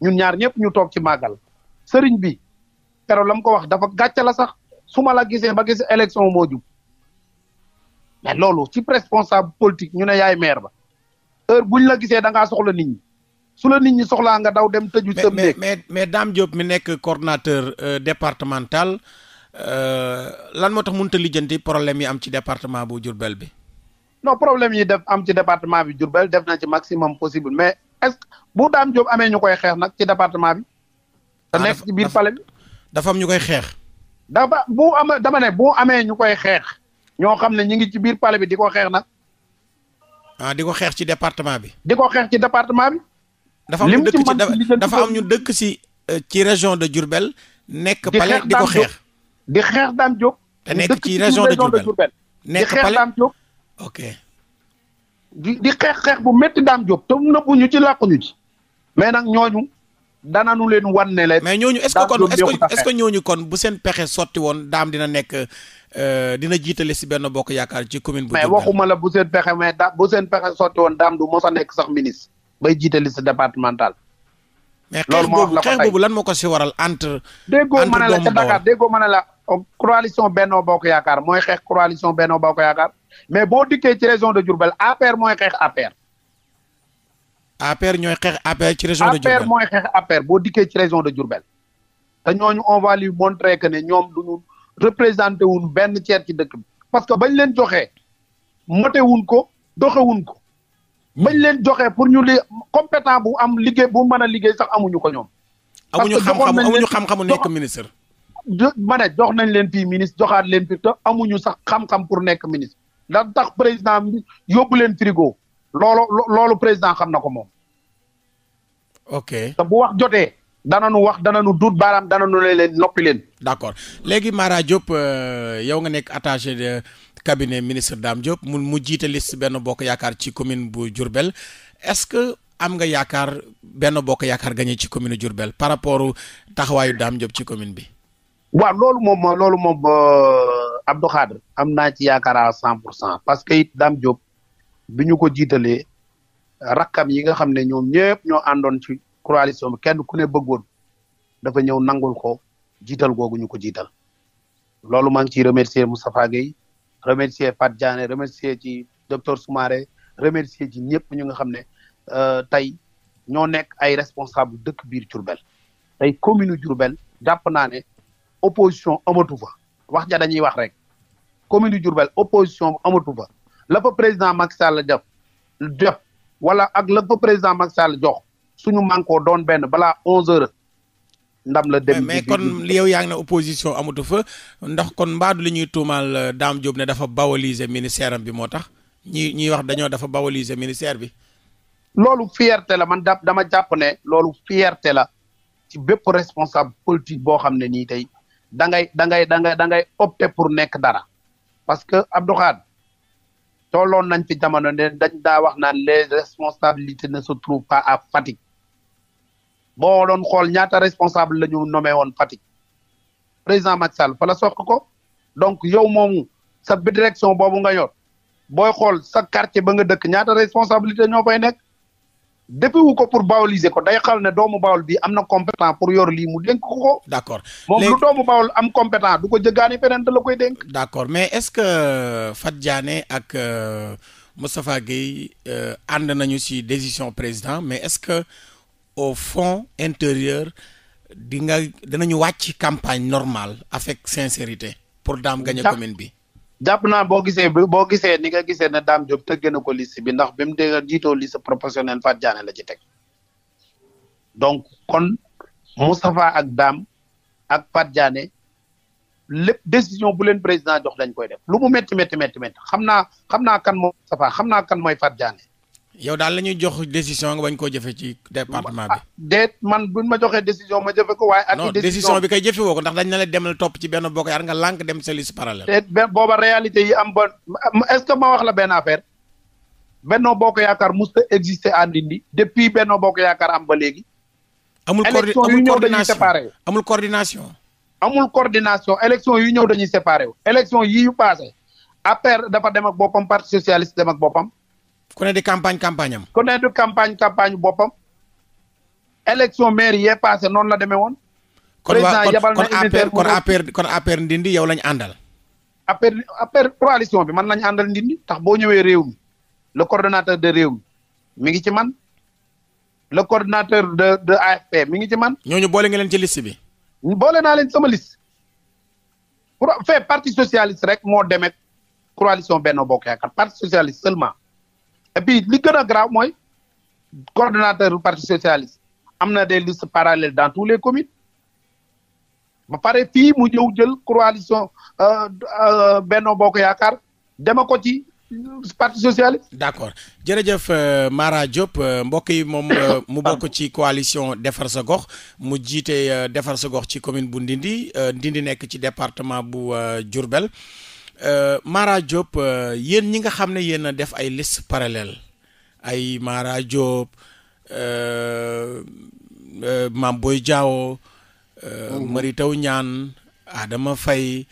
ñun ñaar ñëpp ñu toog ci màggal sëriñ bi pero la mu ko wax dafa gàcce la sax su ma la gisee ba gis élection moo jub mais loolu ci responsable politique ñu ne yaay maire ba heure buñ la gisee da ngaa soxla nit ñi su la nit ñi soxlaa nga daw dem tëju sëm néeg mais mais dam Diop mi nekk coordonnateur euh, départemental Euh, lan moo tax mënut a lijjanti problème yi am ci département bu Diourbel bi. no problème yi def am ci département bi Diourbel def na ci maximum possible mais est-ce que bu Dame Diop amee ñu koy xeex nag ci département bi. Ah, te nekk dafa am ñu koy xeex. dafa bu amee dama ne amee ñu koy xeex ñoo xam ne ñu ngi ci biir palais bi di ko xeex nag. ah di ko xeex ci département bi. di xeex ci département bi. dafa am ñu dëkk ci dafa am ñu dëkk si ci région de Diourbel. nekk palais di ko xeex. di xeex Dame Diop. te nekk ci région de Diourbel nekk di xeex Dame Diop. di di xeex bu metti daam Diop te nëbbu ñu ci làqu ñu ci. mais nag ñooñu dananu leen wan ne leen. mais ñooñu est-ce que kon est-ce que ñooñu kon bu seen pexe sotti woon daam dina nekk euh, dina jiitale si benn bokk yaakaar ci commune. bu mais waxuma la bu seen pexe mais da seen pexe woon daam du a nekk sax bay jiitali si départemental. loolu moo xeex boobu lan moo ko si waral entre. déggoo mën a la ca Dakar déggoo mën a la. Oh, coalition Benno Bokk Yaakaar mooy xeex coalition Benno Bokk Yaakaar mais boo dikkee ci région de Diourbel APR mooy xeex APR. APR ñooy xeex APR ci région de Diourbel APR boo dikkee ci région de Diourbel te ñooñu on va lui montrer que ne ñoom duñu représenté wuñ benn tiers ci dëkk bi parce que bañ leen joxe mote wuñ ko doxe wuñ ko bañ leen joxe pour ñu li compétent bu am liggéey bu mën a liggéey sax amuñu ko ñoom. amuñu xam-xamu amuñu xam-xamu nekk ministre. ma ne jox nañ leen fii ministre joxaat leen fii te amuñu sax xam-xam pour nekk ministre ndax tax président bi leen frigo loolu loolu président xam na ko moom. ok te bu wax jotee. dananu wax dananu duut baaraam dananu leen noppi leen. d' accord léegi Mara Diop euh, yow nga nekk attaché de cabinet ministre Dame Diop mu mu jiite liste benn bokk yaakaar ci commune bu jurbeel est ce que am nga yaakaar benn bokk yaakaar gañe ci commune Diourbel par rapport taxawaayu Dame Diop ci commune bi. waaw loolu moom loolu moom euh, Abdou Khadre am naa ci yaakaar à cent pour cent parce que it Dame Diop bi ñu ko jiitalee rakkam yi nga xam ne ñoom ñëpp ñoo àndoon ci coalition bi kenn ku ne bëggoon dafa ñëw nangul ko jiital googu ñu ko jiital loolu maa ngi ciy remercier Moustapha Gueye remercier Fat Diané remercier ci docteur Soumaré remercier ci ñëpp ñu nga xam ne euh, tey ñoo nekk ay responsable dëkk biir Diourbel tey commune Diourbel jàpp naa ne opposition amatu fa wax ja dañuy wax rek commune du Diourbel opposition amatu fa la fa président Macky Sall def def wala ak la fa président Macky Sall jox suñu mànkoo doon benn balaa onze heures ndam la dem mais kon li yow na ngi ne opposition amatu fa ndax kon mbaadu li ñuy tuumaal euh, Dame Diop ne dafa bawaliser ministère am bi moo tax ñi ñuy wax dañoo dafa bawaliser ministère bi loolu fierté la man dama jàpp ne loolu fierté la ci bépp responsable politique boo xam ne nii tey da ngay da ngay da da ngay opté pour nekk dara parce que Abdou Khadre tolloon nañ fi jamono ne da daa wax le les responsabilités ne se trouvent pas a Fatick boo doon xool ñaata responsable la ñu nommé woon Fatick président Macky Sall fa la soq ko donc yow moomu sa direction boobu nga yor booy xool sa quartier ba nga dëkk ñaata responsabilité ñoo fay nekk depuis wu ko pour bawliser ko day xal ne doomu bawol bi am na compétent pour yor lii mu dénk ko. d' accord moom lu doomu bawol am compétent du ko jëgaani feneen da la koy dénk. d' accord mais est ce que euh, Fat Diané ak euh, Moustapha Guèye euh, ànd nañu ci décision président mais est ce que au fond intérieur di nga dinañu wàcc campagne normale avec sincérité pour daam gagné commune bi. jàpp naa boo gisee boo gisee ni nga gisee ne daam Diop tëgg na ko liste bi ndax bi mu dégg jiitoo liste proportionnel Fat Diané la ci teg donc kon Moustapha ak Dame ak Fat Diané lépp décision bu leen président jox dañ koy def lu mu métti métti métti métti xam naa xam naa kan mooy Moustapha xam naa kan mooy Fat Diané yow daal la ñuy jox décision nga bañ koo jëfe ci département bi. Ah, déet man buñ ma joxee décision ma jëfe ko waaye. ak décision bi kay jëfe woo ko ndax dañ na la demal topp ci benn bokk yaar nga lànk dem sa liste parallèle. déet benn booba réalité yi am ba est-ce que wax la benn affaire Benno Bokk Yaakaar musta exister à Ndindi depuis benn boo Bokk Yaakaar am ba léegi. amul coordination yu ñëw dañuy séparé amul coordination. amul coordination élection yu ñëw dañuy séparé wu. élection yi yu paase APR dafa dem ak boppam parti socialiste dem ak boppam. ku ne di campagne campagne am. ne campagne campagne boppam. élection maire yee passé noonu la demee woon. président yabal na unité kon APR kon APR ndindi yow lañ àndal. APR APR coalition bi man lañ àndal ndindi tax boo ñëwee réew mi le coordonnateur de réew mi mi ngi ci man le coordonnateur de de AFP mi ngi ci man. ñooñu boole nga leen ci liste bi. boole naa leen sama liste. pour fait parti socialiste rek moo demee coalition Benno Bokk Yaakaar parti socialiste seulement. et puis li gën a mooy coordinateur du parti socialiste am na des listes parallèles dans tous les communes ba pare fii mu ñëw jël coalition euh, euh, Benno Bokk Yaakaar dema ko ci parti socialiste. d' accord jërëjëf euh, Mara Diop mbokk yi moom mu bokk ci coalition defar sa gox mu jiite defar sa gox ci commune bu Ndindi Ndindi nekk ci département bu Diourbel. Euh, Mara Diop euh, yéen ñi nga xam ne yéen def ay list parallèle ay Mara Diop euh, Mame Boye Diao. Mm-hmm. Mary Teuw Niane Adama fay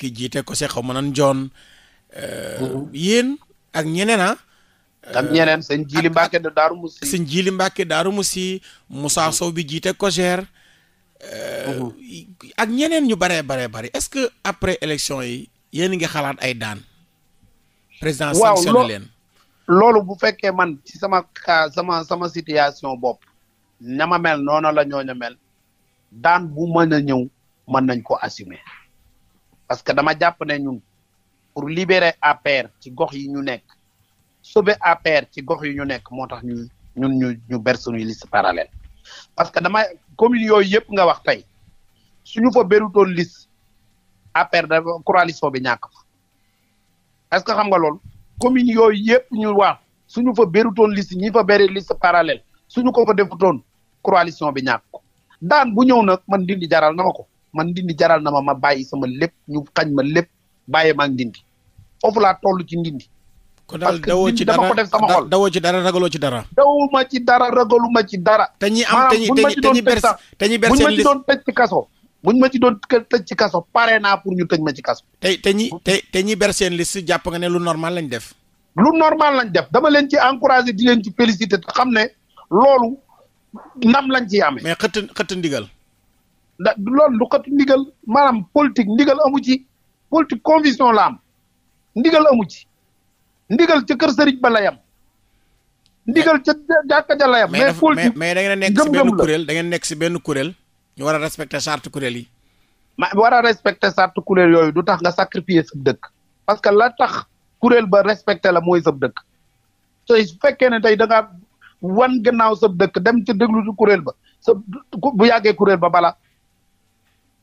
ki jiite ko se xaw ma nan John. yéen ak ñeneen ah. ak ñeneen sëñ Jili Mbacke Darou Moussi. sëñ Jili Mbacke Darou mm-hmm. Sow bi jiite COJER. Mm-hmm. ak ñeneen ñu baree baree bari est-ce que après élection yi. yéen ngi xalaat ay daan. président sanctionné leen loolu bu fekkee man ci sama cas sama sama situation bopp. ñama mel noonu la ñooñu mel daan bu mën a ñëw mën nañ ko assumer parce que dama jàpp ne ñun pour libérer APR ci gox yi ñu nekk sauver APR ci gox yi ñu nekk moo tax ñu ñun ñu ñu ber suñuy parallèle parce que dama commune yooyu yëpp nga wax tey suñu fa berutoon liste APR da coalition bi ñàkk fa est-ce que xam nga loolu commune yooyu yëpp ñu waa suñu fa bérutoon liste ñi fa béré liste parallèle suñu ko ko defutoon coalition bi ñàkk ko daan bu ñëw nag man dindi jaral na ma ko man dindi jaral na ma ma bàyyi sama lépp ñu xañ ma lépp bàyyi maa ngi dindi foofu laa ci ndindi kon daal dawoo ci dara dama ko def sama xol dawoo ci dara ragaloo ci dara. dawuma ci dara ragaluma ci dara. te ñi am te ñi te ñi berse te ñi berse liste buñ ma ci doon tëj ci kaso pare naa pour ñu tëj ma ci kaso. tey te ñi te te ñi ber seen liste jàpp nga ne lu normal lañ def. lu normal lañ def dama leen ci encouragé di leen ci félicité te xam ne loolu ndam lañ ci amee. mais xëtt xëtt ndigal. da loolu lu xëtt ndigal maanaam politique ndigal amu ci politique conviction la am ndigal amu ci ndigal ca kër sëriñ ba la yam ndigal ca jàkka ja la yam mais politique mais da ngeen nekk si benn kuréel da ngeen nekk si benn kuréel. ñu war a respecter charte kuréel yi. ma war a respecter charte kuréel yooyu du tax nga sacrifier sab dëkk parce que la tax kuréel ba respecter la mooy sab dëkk tey su fekkee ne tey da nga wan gannaaw sa dëkk dem ci déglu ci kuréel ba sa bu yàggee kuréel ba bala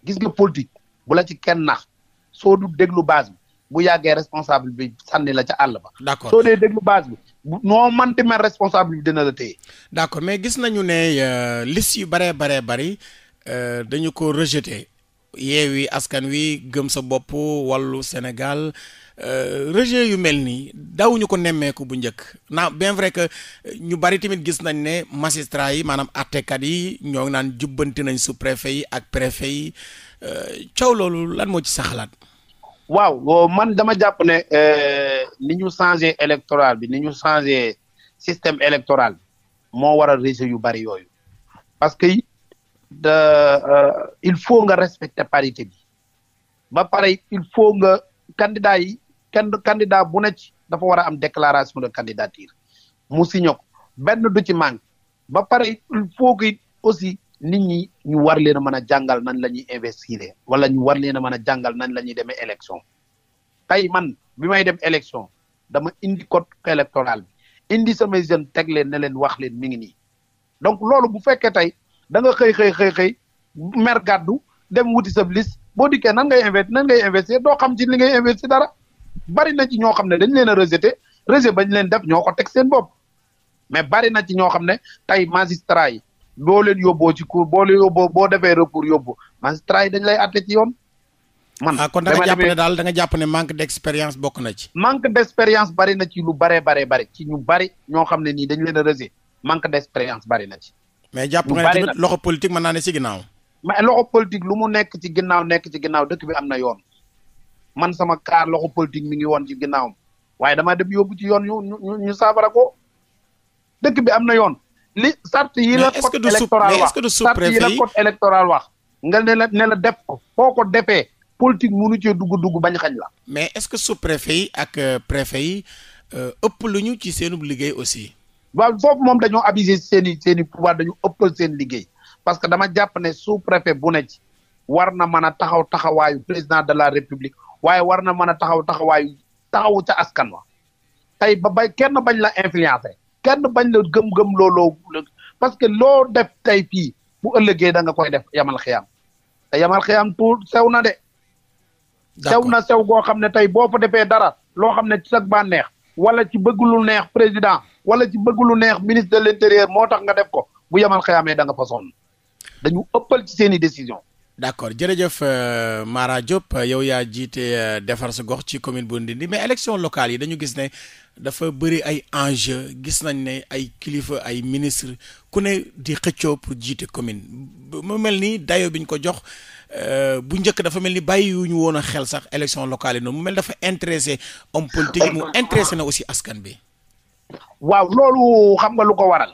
gis nga politique bu la ci kenn nax soo du déglu base bi bu yàggee responsable bi sànni la ca àll ba. d'accord soo dee déglu base bi. noo manti mel responsable bi dina la téye. d'accord mais gis nañu ne euh, liste yu baree baree bari. Euh, dañu ko rejeté yeewi askan wi gëm sa bopp wàllu Sénégal euh, rejet yu mel nii daawuñu ko nemmeeku bu njëkk naa bien vrai que ñu bari tamit gis nañ ne magistrat yi maanaam àttekat yi ñoo naan jubbanti nañ sous préfet yi ak préfet yi euh, coow loolu lan moo ci saxlaat xalaat waaw man dama jàpp ne ni ñu changé électoral bi ni ñu changé système électoral moo waral rejet yu bari yooyu parce que de euh, il faut nga respecter parité bi ba pare il faut nga candidat yi kenn candidat bu ne dafa war a am déclaration de candidature mu signé benn du ci manque ba pare il faut que aussi nit ñi ñu war leen a mën a jàngal nan la investir wala ñu war leen a mën a jàngal nan la ñuy demee élection tey man bi may dem élection dama indi code électoral bi indi samay jeunes teg leen ne leen wax leen mi ngi nii donc loolu bu fekkee tey da nga xëy xëy xëy xëy mer gàddu dem wuti sa boo dikkee nan ngay investi nan ngay investir doo xam ci li ngay investir dara bari na ci ñoo xam ne dañ leen a rejeté rejet bañ leen def ñoo ko teg seen bopp mais bari na ci ñoo xam ne tey magistrat yi boo leen yóbboo ci cour boo boo defee recours yóbbu magistrat yi dañ lay àtte ci yoon. man ah kon da nga jàpp ne daal danga nga jàpp ne manque d' bokk na ci. manque d' expérience bari na ci lu baree baree ci ñu bari ñoo xam ne nii dañ leen a manque d' expérience bari na ci. mais jàpp nga ne loxo politique mën naane ne si ginnaaw. mais loxo politique lu mu nekk ci ginnaaw nekk ci ginnaaw dëkk bi am na yoon man sama kaar loxo politique mi ngi woon ci ginnaawam waaye dama dem yóbbu ci yoon ñu ñu ñu saafara ko dëkk bi am na yoon. li sart yi la code électoral wax sart yi la code électoral wax nga ne la ne la def ko foo ko defee politique munu cee dugg dugg bañ xañ la. mais est-ce que sous yi ak euh, préfet yi euh, ëpp lu ñu ci seenub liggéey aussi. waaw foofu moom dañoo abuser seeni seeni seen i pouvoir dañu seen liggéey parce que dama jàpp ne sous préfet bu ne ci war na mën a taxaw taxawaayu président de la république waaye war na mën a taxaw taxawaayu taxawu ca askan wa tey ba bay kenn bañ la influencer kenn bañ la gëm-gëm looloo parce que loo def tey fii bu ëllëgee da nga koy def yamal xiyam te yamal xiyam tuur sew na de sew na sew goo xam ne tey boo fa defee dara loo xam ne ci sag bànneex wala ci bëgg lu neex président wala ci bëgg lu neex ministre de l'intérieur moo tax nga def ko bu yamal xëyaamee da nga fa sonn dañu ëppal ci seeni décision d'accord jërëjëf euh, Mara Diop yow yaa jiite euh, defar sa gox ci commune bu Ndindi mais élection locale yi dañu gis ne dafa bëri ay enjeu gis nañ ne ay kilifa ay ministre ku ne di xëccoo pour jiite commune mu mel ni dayo bi ñu ko jox euh, bu njëkk dafa mel ni bàyyi yu ñu woon a xel sax élection locale yi noonu mu mel dafa intéressé homme politique mu na aussi askan bi waaw loolu xam nga lu ko waral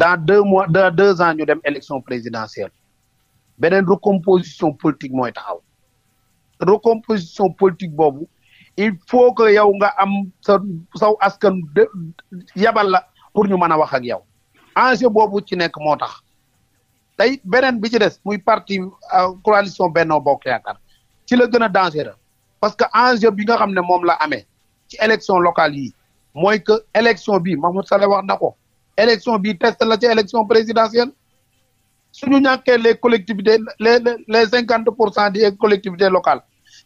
dans deux mois dans deux ans ñu dem élection présidentielle beneen recomposition politique mooy taxaw recomposition politique boobu il faut que yow nga am sa saw askan yabal la pour ñu mën a wax ak yow enjeu boobu ci nekk moo tax tey beneen bi ci des muy parti euh, coalition Benno Bokk Yaakaar ci la gën a dangereux parce que enjeu bi nga xam ne moom la amee ci élection locale yi mooy que élection bi Mahmoud Saleh wax na ko élection bi test la ci élection présidentielle suñu ñàkkee les collectivités les les cinquante pour cent des collectivités locales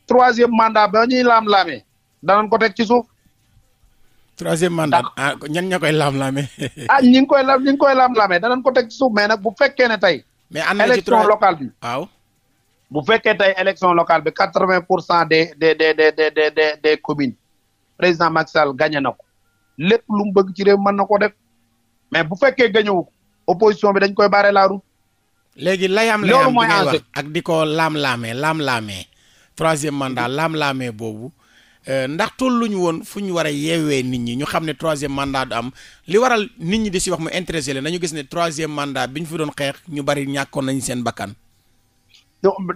troisième mandat ba ñuy laam-laamee danañ ko teg ci suuf. troisième mandat ah ñan ña koy laam-laamee. ah ñi ngi koy laam ñi ngi koy laam-laamee danañ ko teg ci suuf mais bu fekkee ne tey. mais am na ci locale bi waaw. bu fekkee tey élection locale bi quatre vingt pour cent des des des de des des des communes président Macky Sall na ko. lépp lu mu bëgg ci réew mën na ko def mais bu fekkee gañëwu ko opposition bi dañ koy barrer laaru léegi layam layam bi ngay ak di ko laam-laamee laam-laamee troisième mandat mm-hmm. laam-laamee boobu euh, ndax lu ñu woon fu ñu war a yeewee nit ñi ñu xam ne troisième mandat du am li waral nit ñi di si wax mu intéressé leen dañu gis ne troisième mandat bi ñu fi doon xeex ñu bari ñàkkoon nañ seen bakkan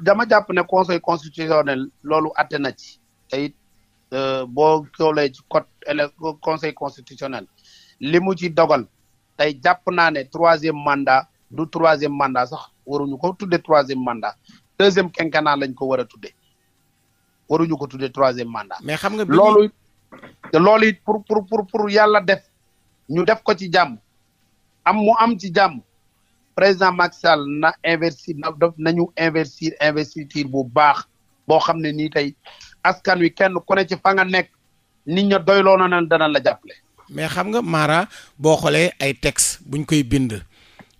dama jàpp ne conseil constitutionnel loolu atte na ci te Euh, boo xoolee ci code ele conseil constitutionnel li mu ci dogal tey jàpp naa ne troisième manda du troisième manda sax waruñu ko tudde troisième manda deuxième quinquennat lañ ko war a tudde waruñu ko tudde troisième manda mais xam nga loolu loolu it pour pour pour pour yàlla def ñu def ko ci jàmm am mu am ci jàmm président Macky Sall na investir na nañu investir investiture bu baax boo xam ne nii tey. askan wi kenn ku ne ci fa nga nekk nit ña doyloo na ne dana la jàppale. mais xam nga Mara boo xoolee ay texte buñ koy bind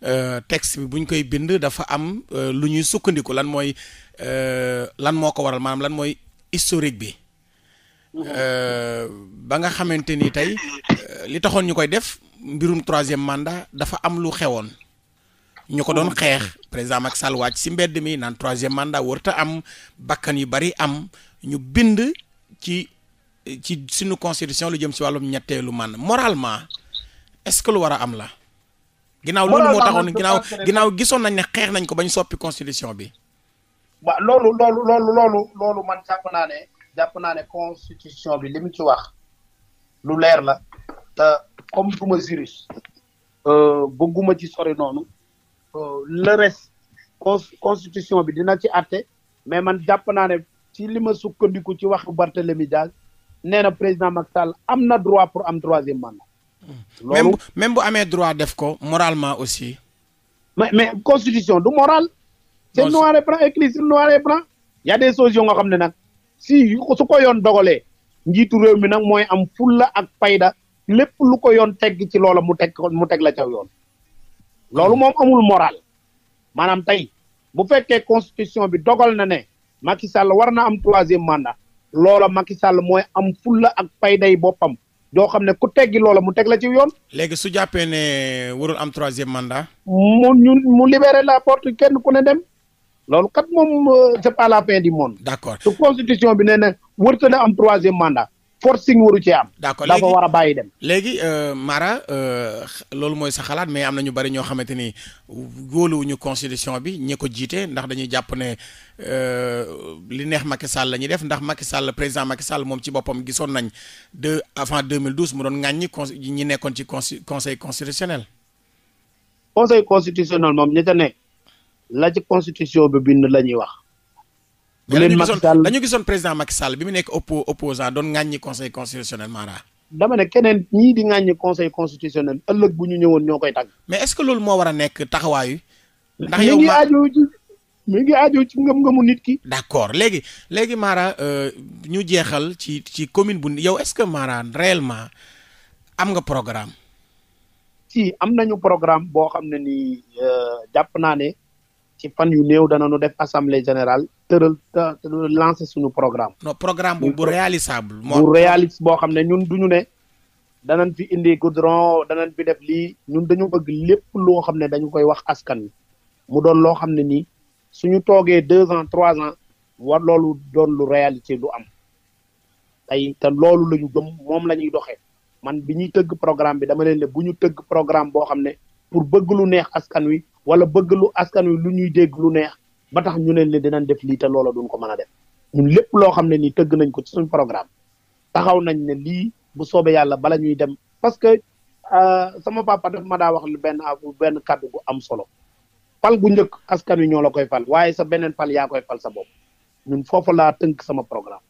euh, texte bi buñ koy bind dafa am euh, lu ñuy sukkandiku lan mooy euh, lan moo ko waral maanaam lan mooy historique bi ba nga xamante ni tey li taxoon ñu koy def mbirum troisième mandat dafa am lu xewoon. ñu ko doon xeex président Macky Sall wàcc si mbedd mi naan troisième mandat warut am bakkan yu bari am ñu bind ci ci suñu constitution lu jëm si wàllum ñetteelu man moralement est-ce que lu war a am la. ginnaaw loolu moo taxoon ginnaaw ginnaaw gisoon nañ ne xeex nañ ko bañ soppi constitution bi. waaw loolu loolu loolu loolu loolu man jàpp naa ne jàpp naa constitution bi li mu ci wax lu leer la te comme du ma juriste euh, bëgguma ci sori noonu euh, le reste constitution bi dina ci àtte mais man jàpp naa ne ci li ma sukkandiku ci wax Barthélémy Diaz nee na président Macky Sall am na droit pour am troisième mandat. loolu même bu amee droit def ko moralement aussi. mais mais constitution du moral. c'est noir et blanc écrit sur noir et blanc. y a des nga xam ne nag si su ko yoon dogalee njiitu réew mi nag mooy am fulla ak fayda lépp lu ko yoon tegg ci loola mu teg mu teg la ca yoon. loolu moom amul moral maanaam tey bu fekkee constitution bi dogal na ne. Macky Sall war na am troisième manda loola Macky Sall mooy am fulla ak fayday boppam yoo xam ne ku teggi loola mu teg la ci yoon. léegi su jàppee ne warul am troisième mandat. mu ñu mu libéré la porte kenn ku ne dem loolu kat moom euh, c'est pas la fin du monde. d'accord su constitution bi nee na wërta na am troisième manda forcing waru cee am. d'accord léegi dafa war a bàyyi dem. léegi euh, Mara euh, loolu mooy sax xalaat mais am na ñu bari ñoo xamante ni wóoluwuñu constitution bi ñi ko jiite ndax dañuy jàpp ne euh, li neex Macky Sall la ñuy def ndax Macky Sall président Macky Sall moom ci boppam gisoon nañ de avant 2012 mu doon ŋàññi con ñi nekkoon ci conseil constitutionnel. conseil constitutionnel moom ñi ca nekk la ci constitution bi bind la ñuy wax. bu leen Macky Sall dañu gisoon président Macky Sall bi mu nekk oppo opposant doon ŋàññi conseil constitutionnel Mara. dama ne keneen ñii di ŋàññi conseil constitutionnel ëllëg bu ñu ñëwoon ñoo koy tàgg. mais est ce que loolu moo war a nekk taxawaayu. ndax yow ma mi ngi aajo ci ngëm-ngëmu nit ki. d' accord léegi léegi Mara euh, ñu euh, jeexal ci ci commune bu yow est ce que Mara réellement am nga programme. si am nañu programme boo xam ne nii euh, jàpp naa ne ci fan yu néew dana nu def assemblée générale tëral lancer suñu programme. non programme bu bu réalisable. bu réaliste boo xam ne ñun duñu ne. danañ fi indi goudron danañ fi def lii ñun dañu bëgg lépp loo xam ne dañu koy wax askan wi mu doon loo xam ne nii suñu toogee deux ans trois ans war loolu doon lu réalité lu am tey te loolu la ñu gëm moom la ñuy doxee man bi ñuy tëgg programme bi dama leen ne bu ñu tëgg programme boo xam ne pour bëgg lu neex askan wi wala bëgg lu askan wi lu ñuy dégg lu neex ba tax ñu ne li dinañ def lii te loola duñ ko mën a def ñun lépp loo xam ne nii tëgg nañ ko ci suñ programme taxaw nañ ne lii bu soobee yàlla bala ñuy dem parce que euh, sama papa daf ma daa wax benn benn kàddu bu am solo fal bu njëkk askan wi ñoo la koy fal waaye sa beneen fal yaa koy fal sa bopp ñun foofu laa tënk sama programme.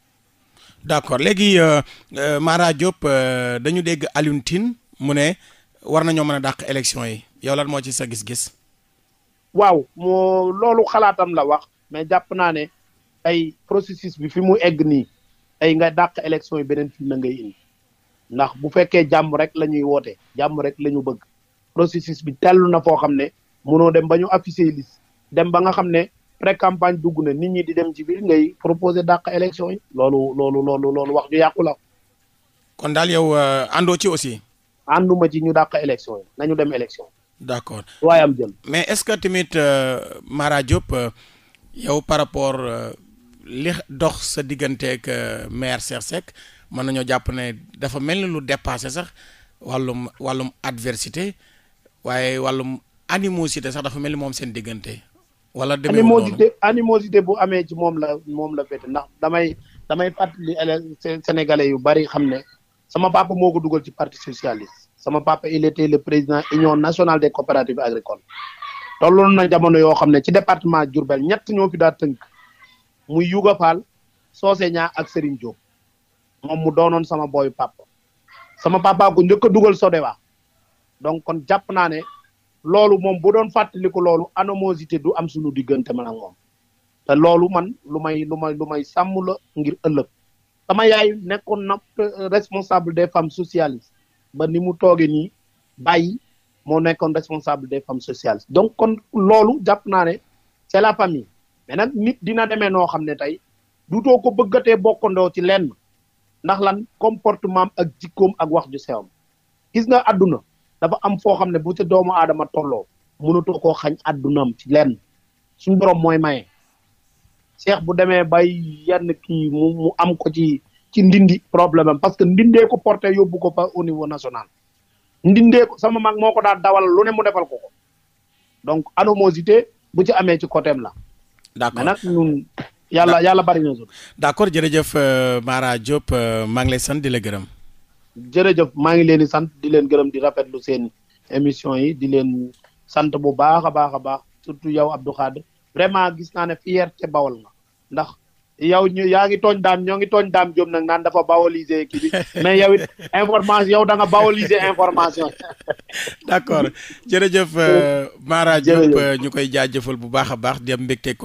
d'accord léegi euh, euh, Mara Diop dañu dégg Alioune mu ne war nañoo mën a dàq élection yi yow lan moo ci sa gis-gis. waaw moo loolu xalaatam la wax mais jàpp naa ne ay processus bi fi mu egg nii ay nga dàq élection yi beneen fi na ngay ndax bu fekkee jàmm rek la ñuy woote jàmm rek lañu ñu bëgg processus bi tellu na foo xam ne mënoo dem ba ñu afficher liste dem ba nga xam ne pré campagne dugg na nit ñi di dem ci biir ngay proposer dàq élection yi loolu loolu loolu loolu wax ju yàqu la. kon daal yow euh, àndoo ci aussi. ànduma ci ñu dàq élection yi nañu dem élection. d' accord waaye mais est ce que tamit euh, Mara Diop euh, yow par rapport euh, li dox sa digganteeg maire Cheikh Seck mën nañoo jàpp ne dafa mel ni lu dépassé sax wàllum wàllum adversité waaye wàllum animosité sax dafa mel ni moom seen diggante. wala demee animosité animosité bu amee ci moom la moom la fete ndax damay damay at fàttali Sénégalais yu bari xam ne sama papa moo ko dugal ci parti socialiste. sama papa il était le président union nationale des coopératives agricoles tolloon na jamono yoo xam ne ci département Diourbel ñett ñoo fi daa tënk muy Yuga Fall Socé Niang ak Serigne Diop moom mu doonoon sama booy papa sama papa ko njëkk a dugal Sodewa donc kon jàpp naa ne loolu moom bu doon fàttaliku loolu animosité du am suñu diggante man ak moom te loolu man lu may lu may lu may sàmm la ngir ëllëg sama yaay nekkoon na responsable des femmes socialistes ba ni mu toogee nii bàyyi moo nekkoon responsable des femmes sociales donc kon loolu jàpp naa ne c'est la famille mais nag nit dina demee noo xam ne tey du dutoo ko bëggatee bokkandoo ci lenn ndax lan comportement ak jikkoom ak wax ju sewam gis nga àdduna dafa am foo xam ne bu ci doomu aadama tolloo mënatoo koo xañ àddunaam ci lenn suñu borom mooy maye. seex bu demee bay yenn kii mu am ko ci ci ndindi problème am parce que ndindee ko porté yóbbu ko ba au niveau national ndindee ko sama mag moo ko daal dawal lu ne mu defal ko ko donc animosité bu ci amee ci côté la. d'accord nag ñun yàlla yàlla bari na. d'accord jërëjëf euh, Mara Diop euh, maa ngi lay sant di la gërëm. jërëjëf maa ngi leen di sant di leen gërëm di rafetlu seen émission yi di leen sant bu baax a baax a baax surtout yow Abdou Khadre vraiment gis naa ne fierté Bawol nga ndax yow ñu yaa ngi tooñ daam ñoo ngi tooñ daam jom nag naan dafa bawoliser kii bi mais yow it information information. d' accord euh, jërëjëf Mara Diop ñu koy jaajëfal bu baax a baax di am mbégte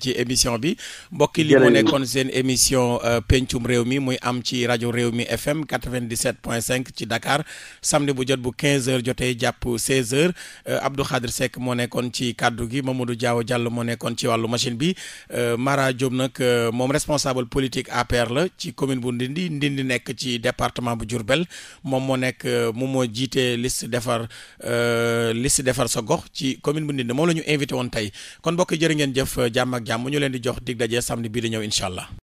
ci émission bi. mbokki li mu nekkoon seen émission euh, pencum réew mi muy am ci rajo réew mi FM 97.5 ci dakaar samedi bu jot bu 15h jotee jàpp 16h euh, Abdou Khadre Seck moo nekkoon ci kàddu gi moom Mamadou Diaw jàll moo nekkoon ci wàllu machine bi Mara Diop nag. moom responsable politique APR la ci commune bu Ndindi Ndindi nekk ci département bu jur bel moom moo nekk euh, moom moo jiitee liste defar euh, liste defar sa gox ci commune bu Ndindi moom la ñu invité woon tey kon mbokk jërë ngeen jëf jàmm ak jàmm ñu leen di jox dig daje samedi bii di ñëw incha allah.